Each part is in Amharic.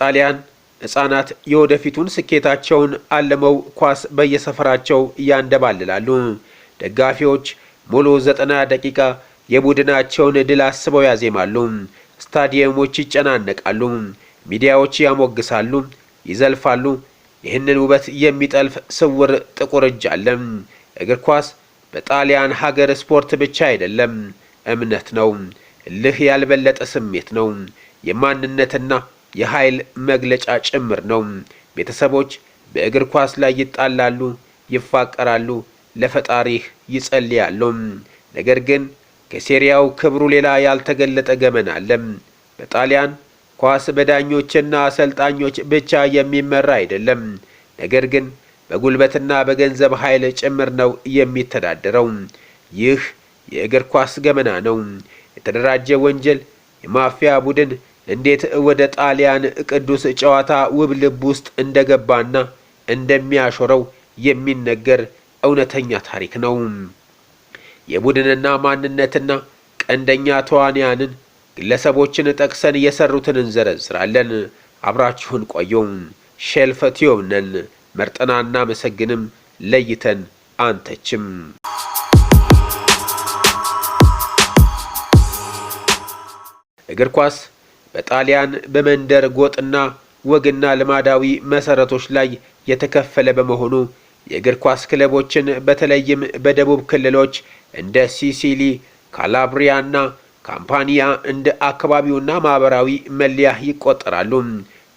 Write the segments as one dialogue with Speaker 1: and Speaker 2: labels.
Speaker 1: ጣሊያን ህጻናት የወደፊቱን ስኬታቸውን አልመው ኳስ በየሰፈራቸው ያንደባልላሉ። ደጋፊዎች ሙሉ ዘጠና ደቂቃ የቡድናቸውን ድል አስበው ያዜማሉ። ስታዲየሞች ይጨናነቃሉ፣ ሚዲያዎች ያሞግሳሉ፣ ይዘልፋሉ። ይህንን ውበት የሚጠልፍ ስውር ጥቁር እጅ አለ። እግር ኳስ በጣሊያን ሀገር ስፖርት ብቻ አይደለም፣ እምነት ነው። እልህ ያልበለጠ ስሜት ነው። የማንነትና የኃይል መግለጫ ጭምር ነው። ቤተሰቦች በእግር ኳስ ላይ ይጣላሉ፣ ይፋቀራሉ፣ ለፈጣሪህ ይጸልያሉ። ነገር ግን ከሴሪያው ክብሩ ሌላ ያልተገለጠ ገመና አለ። በጣሊያን ኳስ በዳኞችና አሰልጣኞች ብቻ የሚመራ አይደለም። ነገር ግን በጉልበትና በገንዘብ ኃይል ጭምር ነው የሚተዳደረው። ይህ የእግር ኳስ ገመና ነው። የተደራጀ ወንጀል፣ የማፊያ ቡድን እንዴት ወደ ጣሊያን ቅዱስ ጨዋታ ውብ ልብ ውስጥ እንደገባና እንደሚያሾረው የሚነገር እውነተኛ ታሪክ ነው። የቡድንና ማንነትና ቀንደኛ ተዋንያንን ግለሰቦችን ጠቅሰን የሰሩትን እንዘረዝራለን። አብራችሁን ቆየው። ሼልፍ ቲዩብ ነን። መሰግንም ለይተን አንተችም። እግር ኳስ በጣሊያን በመንደር ጎጥና ወግና ልማዳዊ መሰረቶች ላይ የተከፈለ በመሆኑ የእግር ኳስ ክለቦችን በተለይም በደቡብ ክልሎች እንደ ሲሲሊ፣ ካላብሪያና ካምፓኒያ እንደ አካባቢውና ማህበራዊ መለያ ይቆጠራሉ።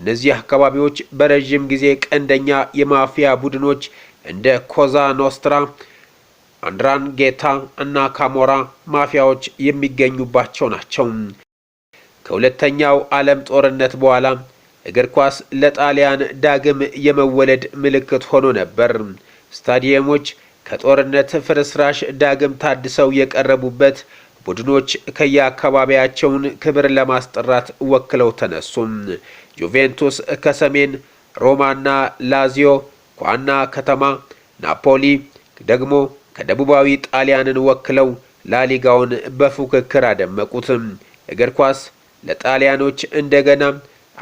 Speaker 1: እነዚህ አካባቢዎች በረዥም ጊዜ ቀንደኛ የማፊያ ቡድኖች እንደ ኮዛ ኖስትራ፣ አንድራንጌታ እና ካሞራ ማፊያዎች የሚገኙባቸው ናቸው። ከሁለተኛው ዓለም ጦርነት በኋላ እግር ኳስ ለጣሊያን ዳግም የመወለድ ምልክት ሆኖ ነበር። ስታዲየሞች ከጦርነት ፍርስራሽ ዳግም ታድሰው የቀረቡበት፣ ቡድኖች ከየአካባቢያቸውን ክብር ለማስጠራት ወክለው ተነሱም። ጁቬንቱስ ከሰሜን፣ ሮማና ላዚዮ ከዋና ከተማ፣ ናፖሊ ደግሞ ከደቡባዊ ጣሊያንን ወክለው ላሊጋውን በፉክክር አደመቁትም። እግር ኳስ ለጣሊያኖች እንደገና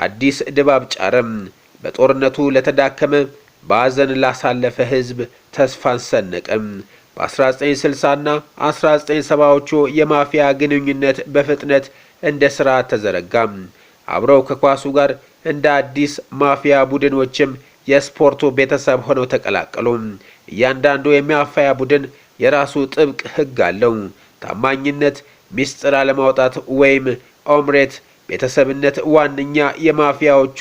Speaker 1: አዲስ ድባብ ጫረም። በጦርነቱ ለተዳከመ በአዘን ላሳለፈ ህዝብ ተስፋን ሰነቀም። በ1960ና 1970ዎቹ የማፊያ ግንኙነት በፍጥነት እንደ ሥራ ተዘረጋም። አብረው ከኳሱ ጋር እንደ አዲስ ማፊያ ቡድኖችም የስፖርቱ ቤተሰብ ሆነው ተቀላቀሉ። እያንዳንዱ የማፊያ ቡድን የራሱ ጥብቅ ሕግ አለው። ታማኝነት፣ ሚስጥር አለማውጣት ወይም ኦምሬት ቤተሰብነት ዋነኛ የማፊያዎቹ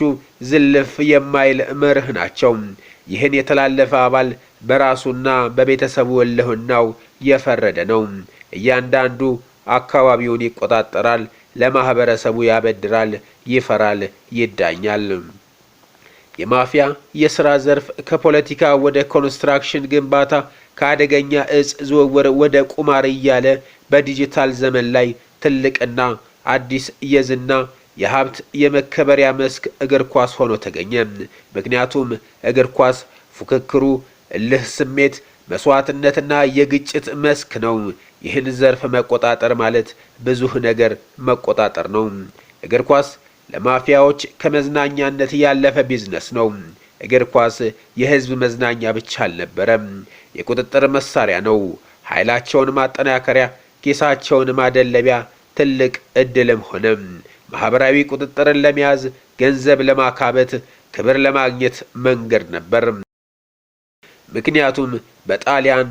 Speaker 1: ዝልፍ የማይል መርህ ናቸው። ይህን የተላለፈ አባል በራሱና በቤተሰቡ እልህናው የፈረደ ነው። እያንዳንዱ አካባቢውን ይቆጣጠራል፣ ለማህበረሰቡ ያበድራል፣ ይፈራል፣ ይዳኛል። የማፊያ የስራ ዘርፍ ከፖለቲካ ወደ ኮንስትራክሽን ግንባታ፣ ከአደገኛ እጽ ዝውውር ወደ ቁማር እያለ በዲጂታል ዘመን ላይ ትልቅና አዲስ የዝና የሀብት የመከበሪያ መስክ እግር ኳስ ሆኖ ተገኘ። ምክንያቱም እግር ኳስ ፉክክሩ፣ እልህ ስሜት፣ መስዋዕትነትና የግጭት መስክ ነው። ይህን ዘርፍ መቆጣጠር ማለት ብዙ ነገር መቆጣጠር ነው። እግር ኳስ ለማፊያዎች ከመዝናኛነት ያለፈ ቢዝነስ ነው። እግር ኳስ የህዝብ መዝናኛ ብቻ አልነበረም፣ የቁጥጥር መሳሪያ ነው። ኃይላቸውን ማጠናከሪያ፣ ኪሳቸውን ማደለቢያ ትልቅ እድልም ሆነም። ማህበራዊ ቁጥጥርን ለመያዝ፣ ገንዘብ ለማካበት፣ ክብር ለማግኘት መንገድ ነበር። ምክንያቱም በጣሊያን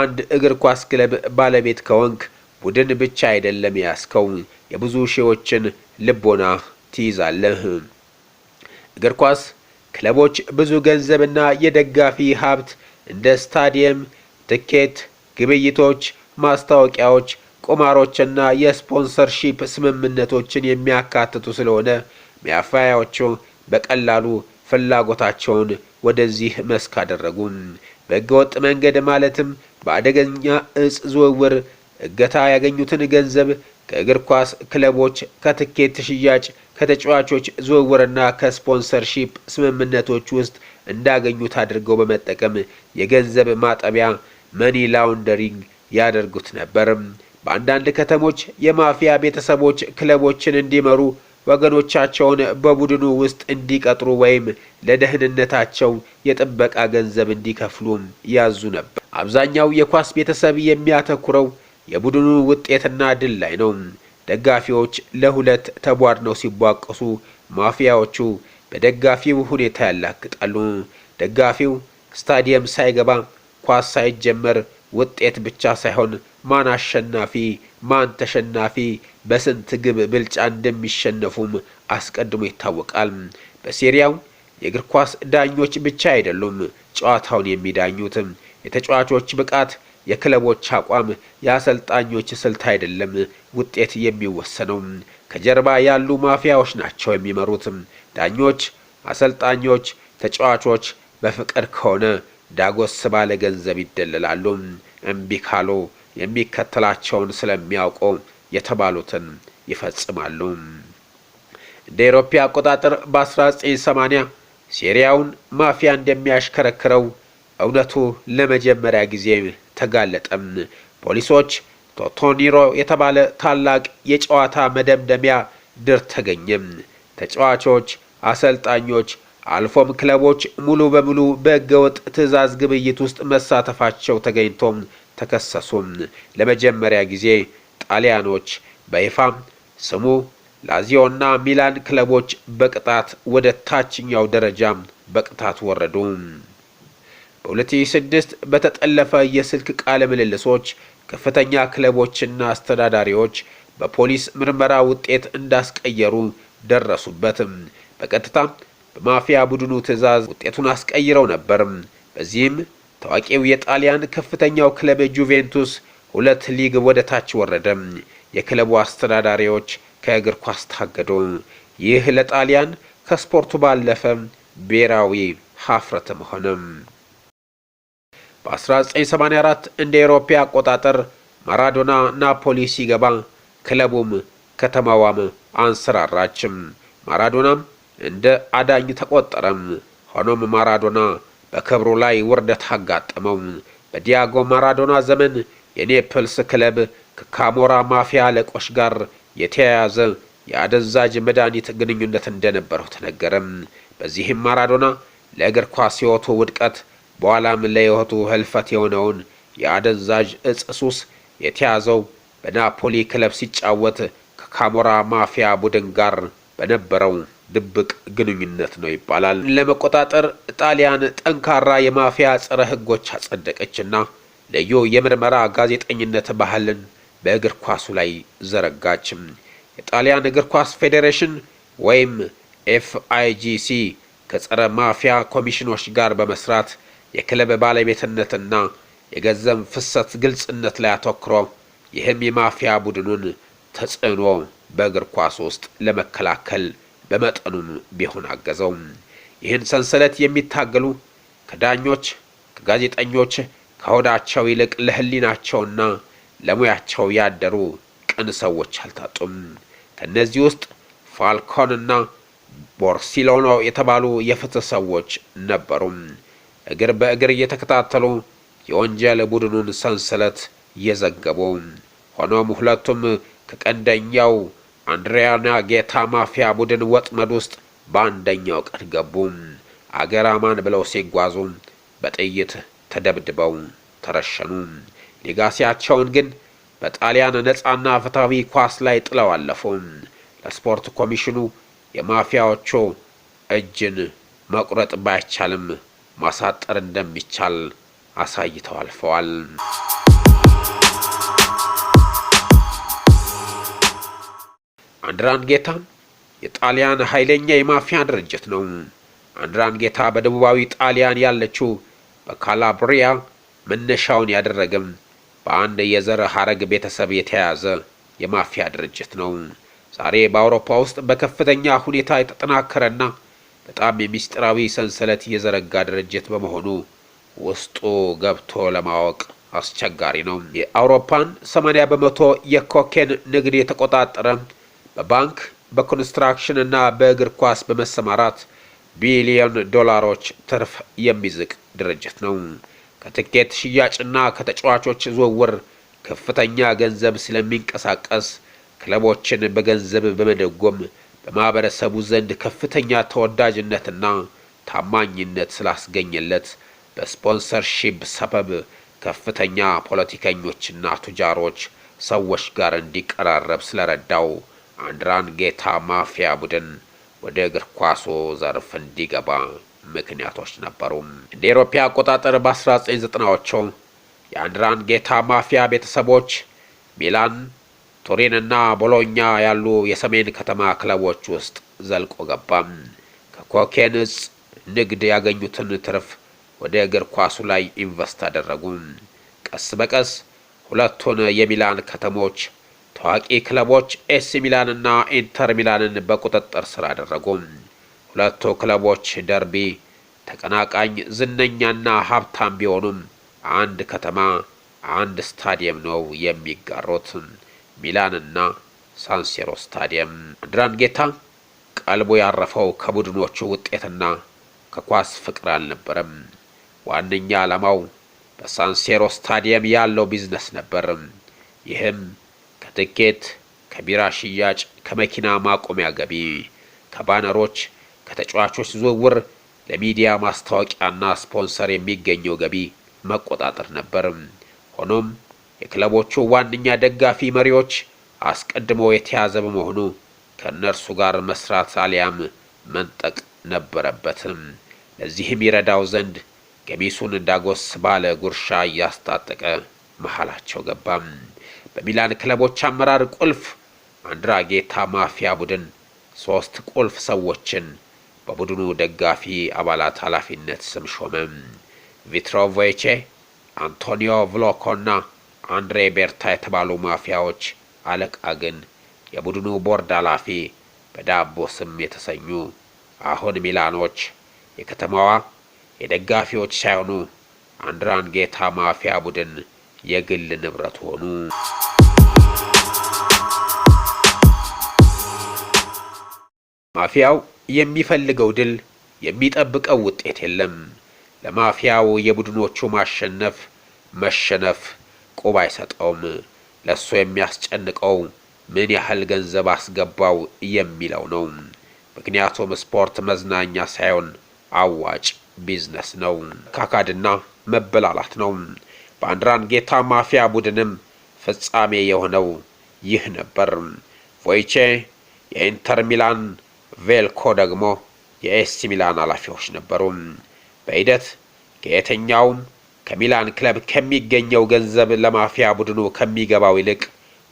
Speaker 1: አንድ እግር ኳስ ክለብ ባለቤት ከወንክ ቡድን ብቻ አይደለም ያስከው የብዙ ሺዎችን ልቦና ትይዛለህ። እግር ኳስ ክለቦች ብዙ ገንዘብና የደጋፊ ሀብት እንደ ስታዲየም፣ ትኬት፣ ግብይቶች፣ ማስታወቂያዎች ቁማሮችና የስፖንሰርሺፕ ስምምነቶችን የሚያካትቱ ስለሆነ ሚያፋያዎቹ በቀላሉ ፍላጎታቸውን ወደዚህ መስክ አደረጉ። በህገወጥ መንገድ ማለትም በአደገኛ እጽ ዝውውር፣ እገታ ያገኙትን ገንዘብ ከእግር ኳስ ክለቦች፣ ከትኬት ሽያጭ፣ ከተጫዋቾች ዝውውርና ከስፖንሰርሺፕ ስምምነቶች ውስጥ እንዳገኙት አድርገው በመጠቀም የገንዘብ ማጠቢያ መኒ ላውንደሪንግ ያደርጉት ነበር። በአንዳንድ ከተሞች የማፊያ ቤተሰቦች ክለቦችን እንዲመሩ ወገኖቻቸውን በቡድኑ ውስጥ እንዲቀጥሩ ወይም ለደህንነታቸው የጥበቃ ገንዘብ እንዲከፍሉም ያዙ ነበር። አብዛኛው የኳስ ቤተሰብ የሚያተኩረው የቡድኑ ውጤትና ድል ላይ ነው። ደጋፊዎች ለሁለት ተቧድነው ሲቧቀሱ፣ ማፊያዎቹ በደጋፊው ሁኔታ ያላግጣሉ። ደጋፊው ስታዲየም ሳይገባ ኳስ ሳይጀመር ውጤት ብቻ ሳይሆን ማን አሸናፊ ማን ተሸናፊ በስንት ግብ ብልጫ እንደሚሸነፉም አስቀድሞ ይታወቃል። በሴሪያው የእግር ኳስ ዳኞች ብቻ አይደሉም ጨዋታውን የሚዳኙት። የተጫዋቾች ብቃት፣ የክለቦች አቋም፣ የአሰልጣኞች ስልት አይደለም ውጤት የሚወሰነው። ከጀርባ ያሉ ማፊያዎች ናቸው የሚመሩት። ዳኞች፣ አሰልጣኞች፣ ተጫዋቾች በፍቅር ከሆነ ዳጎስ ባለ ገንዘብ ይደለላሉ። እምቢ ካሉ የሚከተላቸውን ስለሚያውቁ የተባሉትን ይፈጽማሉ። እንደ ኤሮፓ አቆጣጠር በ1980 ሲሪያውን ማፊያ እንደሚያሽከረክረው እውነቱ ለመጀመሪያ ጊዜ ተጋለጠም። ፖሊሶች ቶቶኒሮ የተባለ ታላቅ የጨዋታ መደምደሚያ ድር ተገኘም። ተጫዋቾች፣ አሰልጣኞች አልፎም ክለቦች ሙሉ በሙሉ በህገወጥ ትዕዛዝ ግብይት ውስጥ መሳተፋቸው ተገኝቶም ተከሰሱም። ለመጀመሪያ ጊዜ ጣሊያኖች በይፋም ስሙ ላዚዮና ሚላን ክለቦች በቅጣት ወደ ታችኛው ደረጃ በቅጣት ወረዱ። በ2006 በተጠለፈ የስልክ ቃለ ምልልሶች ከፍተኛ ክለቦችና አስተዳዳሪዎች በፖሊስ ምርመራ ውጤት እንዳስቀየሩ ደረሱበትም። በቀጥታም በማፊያ ቡድኑ ትዕዛዝ ውጤቱን አስቀይረው ነበር። በዚህም ታዋቂው የጣሊያን ከፍተኛው ክለብ ጁቬንቱስ ሁለት ሊግ ወደ ታች ወረደም። የክለቡ አስተዳዳሪዎች ከእግር ኳስ ታገዱ። ይህ ለጣሊያን ከስፖርቱ ባለፈ ብሔራዊ ሀፍረትም ሆነ በ በ1984 እንደ ኤሮፓ አቆጣጠር ማራዶና ናፖሊ ሲገባ ክለቡም ከተማዋም አንሰራራችም። ማራዶናም እንደ አዳኝ ተቆጠረም። ሆኖም ማራዶና በክብሩ ላይ ውርደት አጋጠመው። በዲያጎ ማራዶና ዘመን የኔፕልስ ክለብ ከካሞራ ማፊያ አለቆች ጋር የተያያዘ የአደንዛዥ መድኃኒት ግንኙነት እንደነበረው ተነገረም። በዚህም ማራዶና ለእግር ኳስ ሕይወቱ ውድቀት በኋላም ለሕይወቱ ህልፈት የሆነውን የአደንዛዥ እጽ ሱስ የተያዘው በናፖሊ ክለብ ሲጫወት ከካሞራ ማፊያ ቡድን ጋር በነበረው ድብቅ ግንኙነት ነው ይባላል። ለመቆጣጠር ጣሊያን ጠንካራ የማፊያ ጸረ አጸደቀች አጸደቀችና ልዩ የምርመራ ጋዜጠኝነት ባህልን በእግር ኳሱ ላይ ዘረጋች። የጣሊያን እግር ኳስ ፌዴሬሽን ወይም ኤፍአይጂሲ ከጸረ ማፊያ ኮሚሽኖች ጋር በመስራት የክለብ ባለቤትነትና የገንዘብ ፍሰት ግልጽነት ላይ አተኩሮ ይህም የማፊያ ቡድኑን ተጽዕኖ በእግር ኳስ ውስጥ ለመከላከል በመጠኑም ቢሆን አገዘው። ይህን ሰንሰለት የሚታገሉ ከዳኞች፣ ከጋዜጠኞች ከሆዳቸው ይልቅ ለሕሊናቸውና ለሙያቸው ያደሩ ቅን ሰዎች አልታጡም። ከእነዚህ ውስጥ ፋልኮንና ቦርሲሎኖ የተባሉ የፍትህ ሰዎች ነበሩ። እግር በእግር እየተከታተሉ የወንጀል ቡድኑን ሰንሰለት እየዘገቡ ሆኖም ሁለቱም ከቀንደኛው አንድሪያና ጌታ ማፊያ ቡድን ወጥመድ ውስጥ በአንደኛው ቀን ገቡም። አገር አማን ብለው ሲጓዙ በጥይት ተደብድበው ተረሸኑ። ሊጋሲያቸውን ግን በጣሊያን ነፃና ፍትሐዊ ኳስ ላይ ጥለው አለፉ። ለስፖርት ኮሚሽኑ የማፊያዎቹ እጅን መቁረጥ ባይቻልም ማሳጠር እንደሚቻል አሳይተው አልፈዋል። አንድራንጌታ የጣሊያን ኃይለኛ የማፊያ ድርጅት ነው። አንድራንጌታ በደቡባዊ ጣሊያን ያለችው በካላብሪያ መነሻውን ያደረገም በአንድ የዘር ሀረግ ቤተሰብ የተያዘ የማፊያ ድርጅት ነው። ዛሬ በአውሮፓ ውስጥ በከፍተኛ ሁኔታ የተጠናከረና በጣም የሚስጢራዊ ሰንሰለት የዘረጋ ድርጅት በመሆኑ ውስጡ ገብቶ ለማወቅ አስቸጋሪ ነው። የአውሮፓን 80 በመቶ የኮኬን ንግድ የተቆጣጠረ በባንክ በኮንስትራክሽን እና በእግር ኳስ በመሰማራት ቢሊዮን ዶላሮች ትርፍ የሚዝቅ ድርጅት ነው። ከትኬት ሽያጭና ከተጫዋቾች ዝውውር ከፍተኛ ገንዘብ ስለሚንቀሳቀስ ክለቦችን በገንዘብ በመደጎም በማህበረሰቡ ዘንድ ከፍተኛ ተወዳጅነትና ታማኝነት ስላስገኘለት በስፖንሰርሺፕ ሰበብ ከፍተኛ ፖለቲከኞችና ቱጃሮች ሰዎች ጋር እንዲቀራረብ ስለረዳው አንድራንጌታ ማፊያ ቡድን ወደ እግር ኳሱ ዘርፍ እንዲገባ ምክንያቶች ነበሩ። እንደ አውሮፓ አቆጣጠር በ1990ዎቹ የአንድራንጌታ ማፊያ ቤተሰቦች ሚላን፣ ቱሪን እና ቦሎኛ ያሉ የሰሜን ከተማ ክለቦች ውስጥ ዘልቆ ገባ ከኮኬን እጽ ንግድ ያገኙትን ትርፍ ወደ እግር ኳሱ ላይ ኢንቨስት አደረጉ። ቀስ በቀስ ሁለቱን የሚላን ከተሞች ታዋቂ ክለቦች ኤሲ ሚላንና ኢንተር ሚላንን በቁጥጥር ስር አደረጉም። ሁለቱ ክለቦች ደርቢ ተቀናቃኝ ዝነኛና ሀብታም ቢሆኑም አንድ ከተማ አንድ ስታዲየም ነው የሚጋሩት፣ ሚላንና ሳንሴሮ ስታዲየም። ድራንጌታ ቀልቡ ያረፈው ከቡድኖቹ ውጤትና ከኳስ ፍቅር አልነበረም። ዋነኛ ዓላማው በሳንሴሮ ስታዲየም ያለው ቢዝነስ ነበር። ይህም ከትኬት፣ ከቢራ ሽያጭ፣ ከመኪና ማቆሚያ ገቢ፣ ከባነሮች፣ ከተጫዋቾች ዝውውር፣ ለሚዲያ ማስታወቂያና ስፖንሰር የሚገኘው ገቢ መቆጣጠር ነበር። ሆኖም የክለቦቹ ዋነኛ ደጋፊ መሪዎች አስቀድሞ የተያዘ በመሆኑ ከእነርሱ ጋር መስራት አሊያም መንጠቅ ነበረበትም። ለዚህም ይረዳው ዘንድ ገሚሱን እንዳጎስ ባለ ጉርሻ እያስታጠቀ መሀላቸው ገባም። በሚላን ክለቦች አመራር ቁልፍ አንድራጌታ ማፊያ ቡድን ሶስት ቁልፍ ሰዎችን በቡድኑ ደጋፊ አባላት ኃላፊነት ስም ሾመም። ቪትሮ ቮይቼ፣ አንቶኒዮ ቭሎኮና አንድሬ ቤርታ የተባሉ ማፊያዎች አለቃ ግን የቡድኑ ቦርድ ኃላፊ በዳቦ ስም የተሰኙ አሁን ሚላኖች የከተማዋ የደጋፊዎች ሳይሆኑ አንድራንጌታ ማፊያ ቡድን የግል ንብረት ሆኑ። ማፊያው የሚፈልገው ድል፣ የሚጠብቀው ውጤት የለም። ለማፊያው የቡድኖቹ ማሸነፍ መሸነፍ ቁብ አይሰጠውም። ለእሱ የሚያስጨንቀው ምን ያህል ገንዘብ አስገባው የሚለው ነው። ምክንያቱም ስፖርት መዝናኛ ሳይሆን አዋጭ ቢዝነስ ነው። መካካድና መበላላት ነው። በአንድራንጌታ ማፊያ ቡድንም ፍጻሜ የሆነው ይህ ነበር። ቮይቼ የኢንተር ሚላን፣ ቬልኮ ደግሞ የኤሲ ሚላን ኃላፊዎች ነበሩ። በሂደት ከየትኛውም ከሚላን ክለብ ከሚገኘው ገንዘብ ለማፊያ ቡድኑ ከሚገባው ይልቅ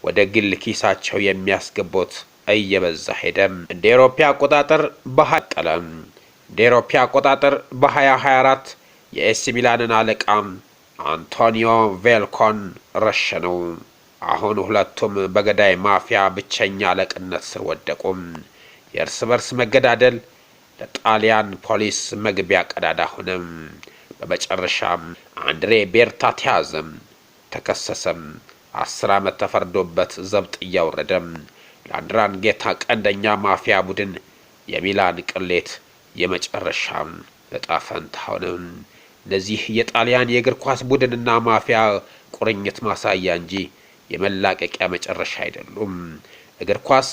Speaker 1: ወደ ግል ኪሳቸው የሚያስገቡት እየበዛ ሄደ። እንደ ኤሮፓ አቆጣጠር በቀጠለ እንደ ኤሮፓ አቆጣጠር በ2024 የኤሲ ሚላንን አለቃም? አንቶኒዮ ቬልኮን ረሸነው። አሁን ሁለቱም በገዳይ ማፊያ ብቸኛ አለቅነት ስር ወደቁም። የእርስ በርስ መገዳደል ለጣሊያን ፖሊስ መግቢያ ቀዳዳ ሆነም። በመጨረሻም አንድሬ ቤርታ ተያዘም፣ ተከሰሰም። አስር ዓመት ተፈርዶበት ዘብጥ እያወረደም ጌታ ቀንደኛ ማፊያ ቡድን የሚላን ቅሌት የመጨረሻም እጣ ፈንታ ሆነም። ለዚህ የጣሊያን የእግር ኳስ ቡድንና ማፊያ ቁርኝት ማሳያ እንጂ የመላቀቂያ መጨረሻ አይደሉም። እግር ኳስ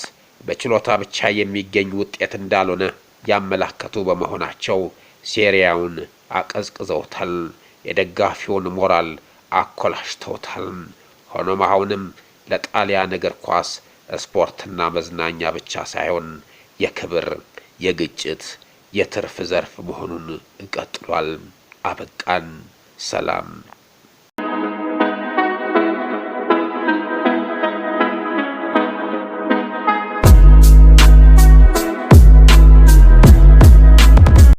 Speaker 1: በችሎታ ብቻ የሚገኝ ውጤት እንዳልሆነ ያመላከቱ በመሆናቸው ሴሪያውን አቀዝቅዘውታል፣ የደጋፊውን ሞራል አኮላሽተውታል። ሆኖም አሁንም ለጣሊያን እግር ኳስ ስፖርትና መዝናኛ ብቻ ሳይሆን የክብር፣ የግጭት፣ የትርፍ ዘርፍ መሆኑን ቀጥሏል። አበቃን። ሰላም።